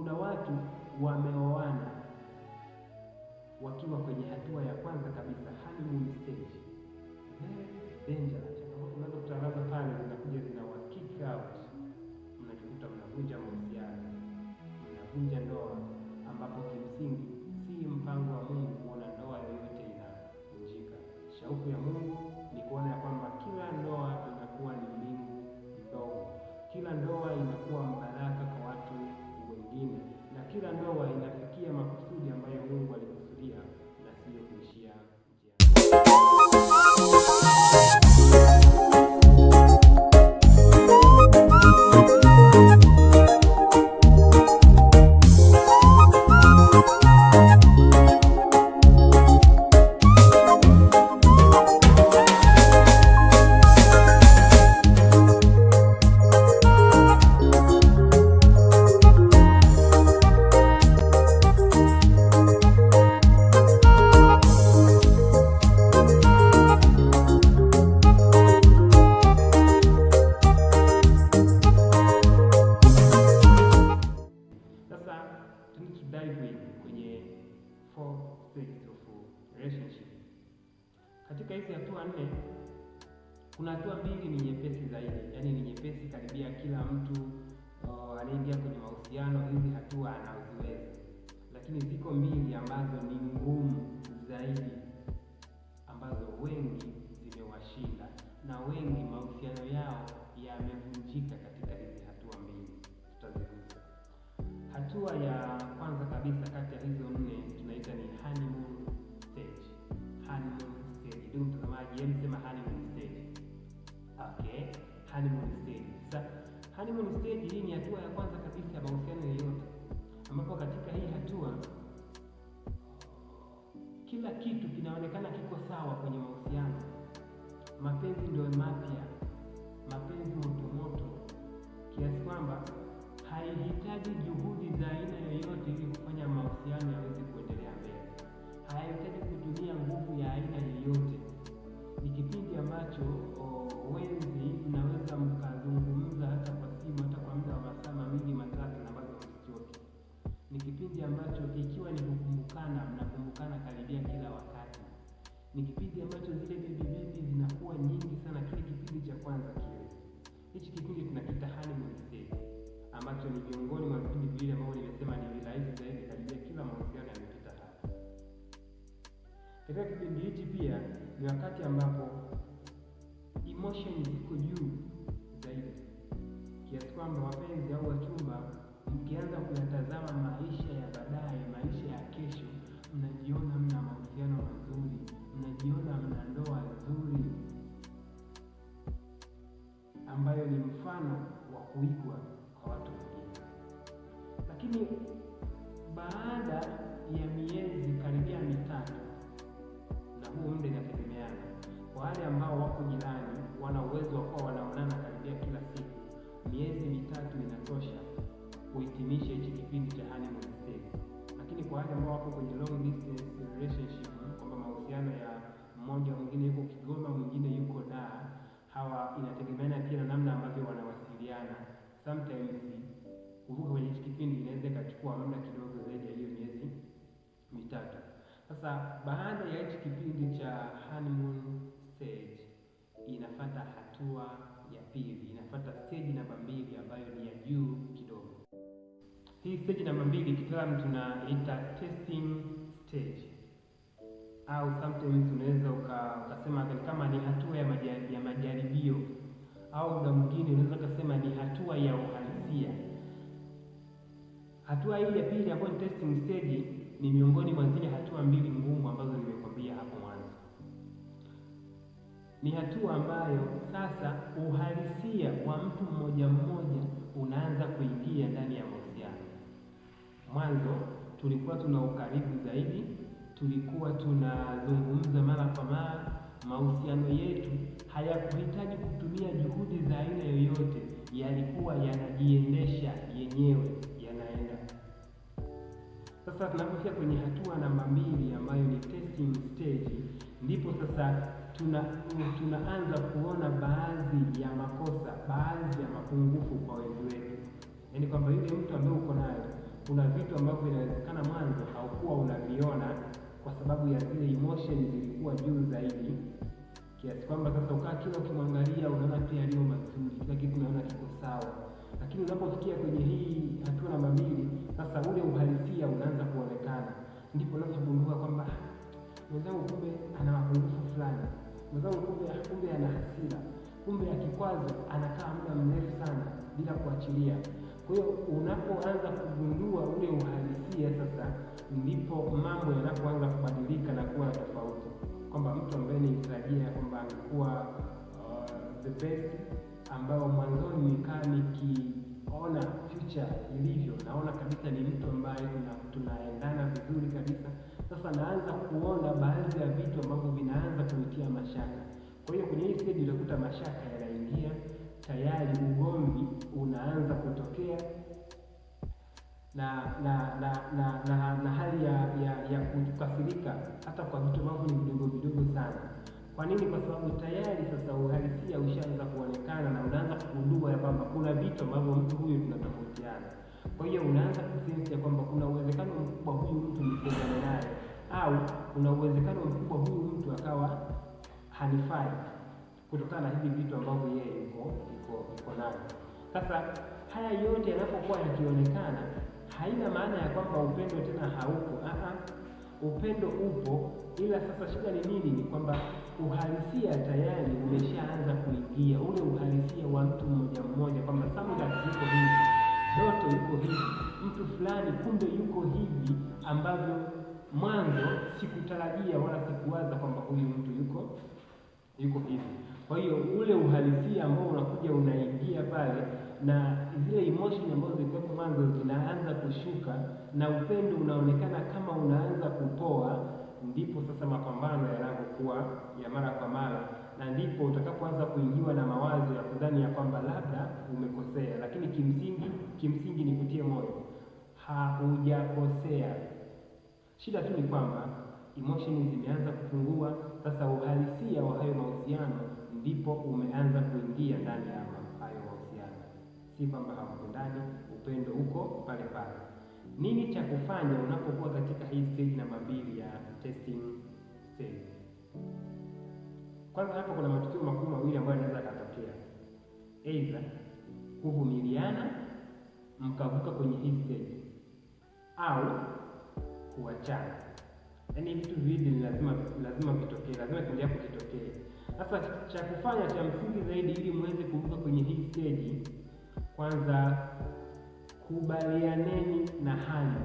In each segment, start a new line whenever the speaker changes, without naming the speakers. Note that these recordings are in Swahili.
Kuna watu wameoana wakiwa kwenye hatua ya kwanza kabisa honeymoon stage. Danger, changamoto unazokutana nazo pale zinakuja zina
na mtu uh, anaingia kwenye mahusiano hizi hatua anaziweza, lakini ziko mbili ambazo ni ngumu zaidi ambazo wengi zimewashinda na wengi sana karibia kila wakati. Ni kipindi ambacho zile vivivivi zinakuwa nyingi sana, kile kipindi cha kwanza kile. Hichi kipindi tunakiita honeymoon stage, ambacho ni miongoni mwa vipindi vile ambavyo nimesema ni rahisi zaidi, karibia kila mahusiano yamepita hapa. Katika kipindi hichi pia ni wakati ambapo emotion ziko juu zaidi kiasi kwamba wapenzi au wachumba kuhitimisha hichi kipindi cha honeymoon phase. Lakini kwa wale ambao wako kwenye long distance relationship, eh, kwamba mahusiano ya mmoja mwingine yuko Kigoma, mwingine yuko Dar, hawa inategemeana pia na namna ambavyo wanawasiliana. Sometimes kuvuka kwenye hichi kipindi inaweza ikachukua muda kidogo zaidi ya hiyo miezi mitatu. Sasa baada ya hichi kipindi cha honeymoon stage inafuata hatua Stage namba mbili kitaalamu tunaita testing stage, au sometimes unaweza ukasema kama ni hatua ya majaribio ya majaribio, au muda mwingine unaweza ukasema ni hatua ya uhalisia. Hatua hii ya pili ambayo ni testing stage ni miongoni mwa zile hatua mbili ngumu ambazo nimekwambia hapo mwanzo. Ni hatua ambayo sasa uhalisia wa mtu mmoja mmoja unaanza kui Mwanzo tulikuwa tuna ukaribu zaidi, tulikuwa tunazungumza mara kwa mara. Mahusiano yetu hayakuhitaji kutumia juhudi za aina yoyote, yalikuwa yanajiendesha yenyewe, yanaenda. Sasa tunapofika kwenye hatua namba mbili ambayo ni testing stage, ndipo sasa tuna tunaanza kuona baadhi ya makosa, baadhi ya mapungufu kwa wenzi wetu, yaani kwamba yule kuna vitu ambavyo inawezekana mwanzo haukuwa unaviona kwa sababu ya zile emotion zilikuwa juu zaidi, kiasi kwamba sasa ukaa kila ukimwangalia unaona pia aliyo mazuri, kila kitu unaona kiko sawa, lakini unapofikia kwenye hii hatua namba mbili, sasa ule uhalisia unaanza kuonekana, ndipo unapogundua kwamba mwenzangu kumbe ana mapungufu fulani, mwenzangu kumbe ana hasira, kumbe akikwazo anakaa muda mrefu sana bila kuachilia. Kwa hiyo unapoanza kugundua ule uhalisia sasa, ndipo mambo yanapoanza kubadilika na kuwa tofauti, kwamba mtu ambaye nilitarajia kwamba angekuwa uh, the best ambayo mwanzoni nikaa nikiona future ilivyo, naona kabisa ni mtu ambaye tunaendana vizuri kabisa. Sasa naanza kuona baadhi ya vitu ambavyo vinaanza kunitia mashaka. Kwa hiyo kwenye hii stage utakuta mashaka yanaingia tayari ugomvi unaanza kutokea na na na na, na, na hali ya, ya, ya kukasirika hata kwa vitu ambavyo ni vidogo vidogo sana. Kwa nini? Kwa sababu tayari sasa uhalisia ushaanza kuonekana na unaanza kugundua ya kwamba kuna vitu ambavyo mtu huyo tunatofautiana. Kwa hiyo unaanza kusensi ya kwamba kuna uwezekano mkubwa huyu mtu nipendane naye, au kuna uwezekano mkubwa huyu mtu akawa hanifai kutokana na hivi vitu ambavyo yeye yuko iko nayo. Sasa haya yote yanapokuwa yakionekana, haina maana ya kwamba upendo tena haupo. Aha, upendo upo, ila sasa shida ni nini? Ni kwamba uhalisia tayari umeshaanza kuingia, ule uhalisia wa mtu mmoja mmoja, kwamba Samga yuko hivi, Doto yuko hivi, mtu fulani kumbe yuko hivi, ambavyo mwanzo sikutarajia wala sikuwaza kwamba huyu mtu yuko yuko hivi. Kwa hiyo ule uhalisia ambao unakuja unaingia pale, na zile emotion ambazo zilikuwa mwanzo zinaanza kushuka na upendo unaonekana kama unaanza kupoa, ndipo sasa mapambano yanapokuwa ya mara kwa mara, na ndipo utakapoanza kuingiwa na mawazo ya kudhani ya kwamba labda umekosea, lakini kimsingi kimsingi ni kutie moyo, haujakosea. Shida tu ni kwamba emotion zimeanza kupungua, sasa uhalisia wa hayo mahusiano ndipo umeanza kuingia ndani ya hayo mahusiano. Si kwamba hawapendani, upendo huko pale pale. Nini cha kufanya unapokuwa katika hii stage namba mbili ya testing stage? Kwanza hapa kuna matukio makuu mawili ambayo yanaweza yakatokea, aidha kuvumiliana mkavuka kwenye hii stage au kuachana. Yaani vitu viwili lazima lazima vitokee, lazima kiendelea kukitokea sasa cha kufanya cha msingi zaidi, ili muweze kuvuka kwenye hii steji, kwanza kubalianeni na hali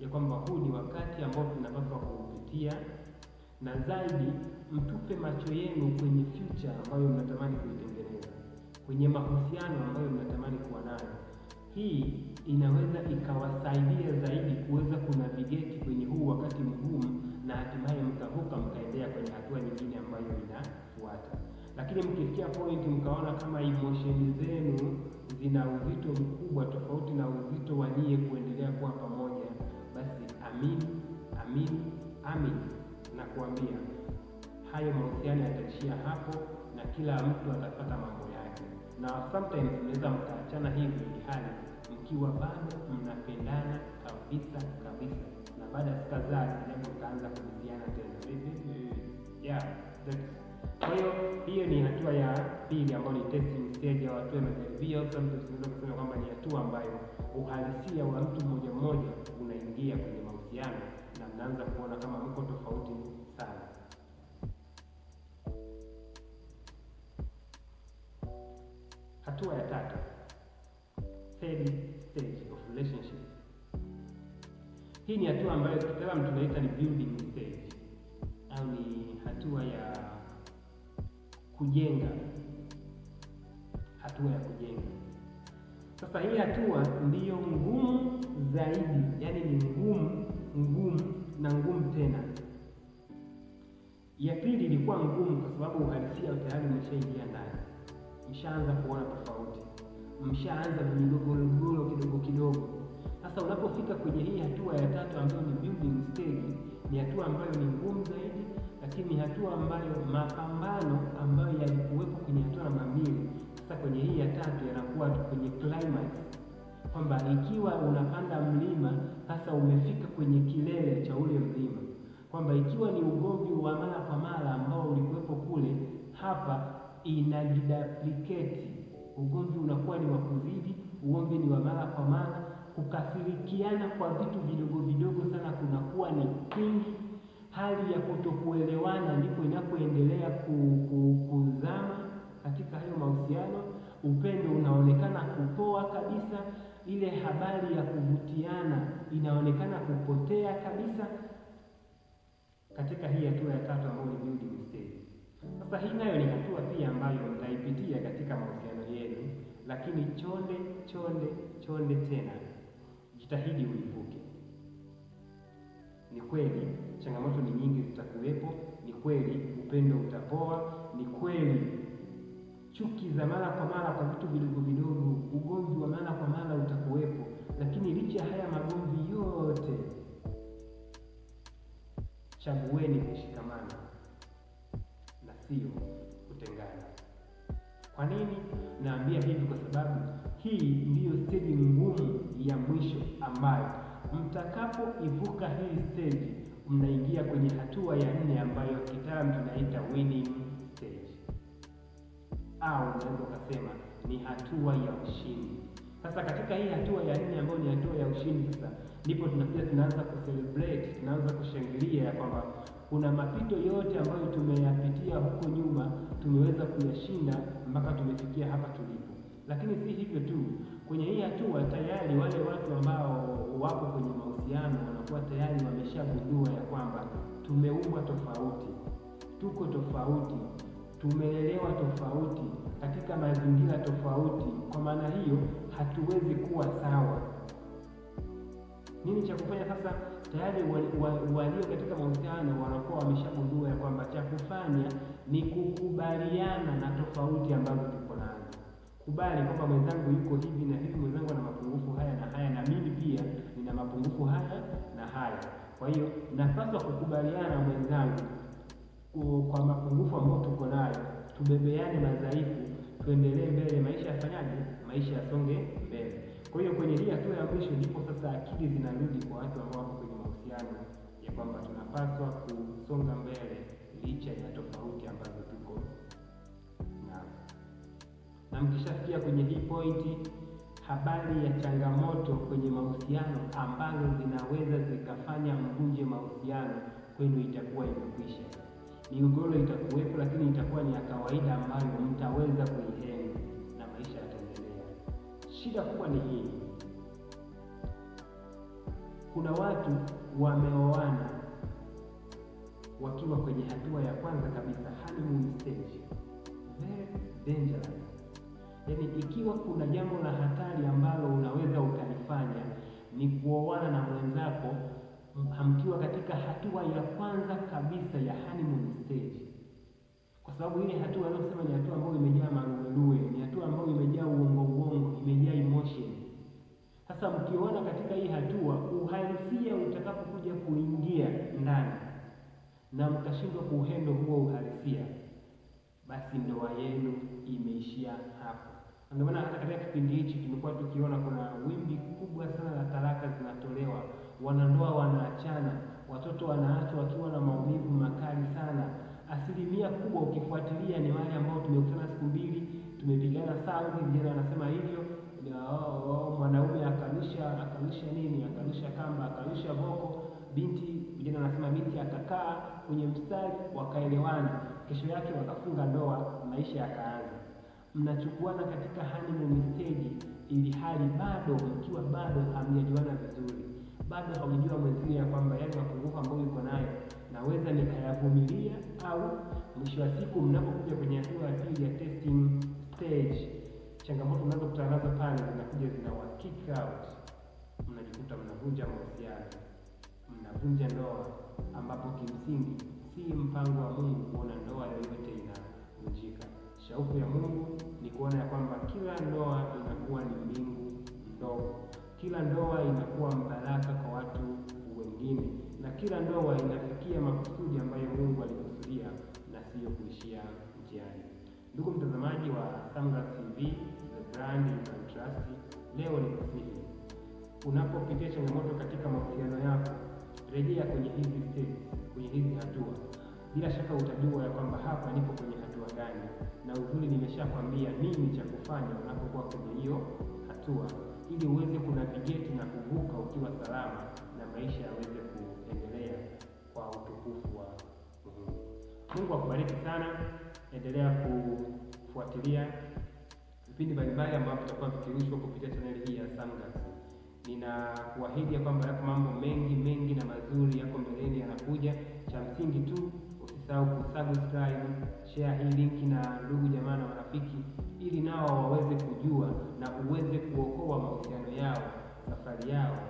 ya kwamba huu ni wakati ambao tunapaswa kuupitia, na zaidi mtupe macho yenu kwenye future ambayo mnatamani kuitengeneza, kwenye mahusiano ambayo mnatamani kuwa nayo. Hii inaweza ikawasaidia zaidi kuweza kunavigeti kwenye huu wakati mgumu na hatimaye mkavuka mkaendea kwenye hatua nyingine ambayo inafuata. Lakini mkifikia point mkaona kama emotion zenu zina uzito mkubwa tofauti na uzito wa nyie kuendelea kuwa pamoja, basi amini, amini, amini na kuambia hayo mahusiano yataishia hapo na kila mtu atapata mambo yake, na sometimes mnaweza mkaachana hivi hali mkiwa bado mnapendana kabisa kabisa baada ya siku kadhaa kidogo utaanza kurudiana tena vipi? Yeah, kwa hiyo hiyo ni hatua ya pili ambayo ni testing stage ya watu wa majaribio. Kama mtu tunaweza kusema kwamba ni hatua ambayo uhalisia wa mtu mmoja mmoja unaingia kwenye mahusiano na mnaanza kuona kama mko tofauti sana. Hatua ya tatu, third stage of relationship hii ni hatua ambayo kitaalamu tunaita ni building stage au ni hatua ya kujenga, hatua ya kujenga. Sasa hii hatua ndiyo ngumu zaidi, yaani ni ngumu ngumu na ngumu tena. Ya pili ilikuwa ngumu kwa sababu uhalisia tayari umeshaingia ndani, mshaanza kuona tofauti, mshaanza kidogo kidogo kidogo sasa unapofika kwenye hii hatua ya tatu ambayo ni building stage, ni hatua ambayo ni ngumu zaidi, lakini hatua ambayo mapambano ambayo yalikuwepo kwenye hatua namba mbili, sasa kwenye hii ya tatu yanakuwa kwenye climax, kwamba ikiwa unapanda mlima sasa umefika kwenye kilele cha ule mlima, kwamba ikiwa ni ugomvi wa mara kwa mara ambao ulikuwepo kule, hapa inajidaplicate ugomvi unakuwa ni wa kuzidi, ugomvi ni wa mara kwa mara kukasirikiana kwa vitu vidogo vidogo sana kunakuwa ni kingi Hali ya kutokuelewana ndipo inapoendelea kuzama katika hayo mahusiano. Upendo unaonekana kupoa kabisa, ile habari ya kuvutiana inaonekana kupotea kabisa katika hii hatua ya tatu ambayo ni building stage. Sasa hii nayo ni hatua pia ambayo mtaipitia katika mahusiano yenu, lakini chonde chonde chonde tena jitahidi uipuke. Ni kweli changamoto ni nyingi zitakuwepo, ni kweli upendo utapoa, ni kweli chuki za mara kwa mara kwa vitu vidogo vidogo, ugomvi wa mara kwa mara utakuwepo, lakini licha ya haya magomvi yote, chagueni kushikamana na sio kutengana. Kwa nini naambia hivi? Kwa sababu hii ndiyo ambayo mtakapoivuka hii stage mnaingia kwenye hatua ya nne ambayo kitaalamu tunaita winning stage, au unaweza ukasema ni hatua ya ushindi. Sasa katika hii hatua ya nne ambayo ni hatua ya ushindi, sasa ndipo tunakuja tunaanza kucelebrate, tunaanza kushangilia ya kwamba kuna mapito yote ambayo tumeyapitia huko nyuma tumeweza kuyashinda mpaka tumefikia hapa tulipo. Lakini si hivyo tu, Kwenye hii hatua tayari wale watu ambao wapo kwenye mahusiano wanakuwa tayari wameshagundua ya kwamba tumeumbwa tofauti, tuko tofauti, tumelelewa tofauti, katika mazingira tofauti. Kwa maana hiyo hatuwezi kuwa sawa. Nini cha kufanya sasa? Tayari walio katika mahusiano wanakuwa wameshagundua ya kwamba cha kufanya ni kukubaliana na tofauti ambazo kubali kwamba mwenzangu yuko hivi na hivi, mwenzangu ana mapungufu haya na haya, na mimi pia nina mapungufu haya na haya. Kwa hiyo napaswa kukubaliana mwenzangu kwa mapungufu ambayo tuko nayo, tubebeane madhaifu, tuendelee mbele, maisha yafanyaje? Maisha yasonge mbele. Kwa hiyo kwenye hii hatua ya mwisho ndipo sasa akili zinarudi kwa watu ambao wako kwenye mahusiano ya kwamba tunapaswa kusonga mbele licha ya tofauti ambazo na mkishafikia kwenye hii pointi, habari ya changamoto kwenye mahusiano ambazo zinaweza zikafanya mvunje mahusiano kwenu itakuwa imekwisha. Migogoro itakuwepo, lakini itakuwa ni ya kawaida ambayo mtaweza kuihenga na maisha yataendelea. Shida kubwa ni hii, kuna watu wameoana wakiwa kwenye hatua ya kwanza kabisa honeymoon stage, very dangerous Yaani, ikiwa kuna jambo la hatari ambalo unaweza ukalifanya ni kuoana na mwenzako hamkiwa katika hatua ya kwanza kabisa ya honeymoon stage, kwa sababu ile hatua anayosema ni hatua ambayo imejaa maluelue, ni hatua ambayo imejaa uongo uongo, imejaa emotion. Sasa mkioana katika hii hatua, uhalisia utakapokuja kuingia ndani na mkashindwa kuuhendo huo uhalisia basi ndoa yenu imeishia hapo. Ndio maana hata katika kipindi hichi tumekuwa tukiona kuna wimbi kubwa sana la talaka zinatolewa, wanandoa wanaachana, watoto wanaachwa wakiwa na maumivu makali sana. Asilimia kubwa ukifuatilia ni wale ambao tumekutana siku mbili, tumepigana sauti, vijana wanasema hivyo oh, oh, mwanaume akanisha akanisha nini, akanisha kamba, akanisha boko, binti wengine wanasema miti akakaa kwenye mstari, wakaelewana, kesho yake wakafunga ndoa, maisha yakaanza. Mnachukuana katika honeymoon stage, ili hali bado mkiwa bado hamjajuana vizuri, bado haujajua mwenzio ya kwamba yale mapungufu ambayo yuko nayo naweza nikayavumilia, au mwisho wa siku mnapokuja kwenye hatua ya pili ya testing stage, changamoto mnazokutana nazo pale zinakuja kick out, mnajikuta mnavunja mahusiano mnavunja ndoa, ambapo kimsingi si mpango wa Mungu kuona ndoa yoyote inavunjika. Shauku ya Mungu ni kuona ya kwamba kila ndoa inakuwa ni mbingu ndogo, kila ndoa inakuwa mbaraka kwa watu wengine, na kila ndoa inafikia makusudi ambayo Mungu alikusudia na siyo kuishia njiani. Ndugu mtazamaji wa Samga TV The Brand and Trust, leo ni kusihi unapopitia changamoto katika mahusiano yako rejea kwenye hizi step, kwenye hizi hatua, bila shaka utajua ya kwamba hapa nipo kwenye hatua gani, na uzuri nimeshakwambia nini cha kufanya unapokuwa kwenye hiyo hatua, ili uweze kunavigeti na kuvuka ukiwa salama na maisha yaweze kuendelea kwa utukufu wa Mungu. Mungu akubariki sana, endelea kufuatilia vipindi mbalimbali ambavyo tutakuwa vikirushwa kupitia chaneli hii ya Samgas. Ninakuahidi ya kwamba yapo mambo mengi mengi na mazuri yako mbeleni, yanakuja. Cha msingi tu usisahau kusubscribe, share hii linki na ndugu jamaa na marafiki, ili nao waweze kujua na uweze kuokoa mahusiano yao, safari yao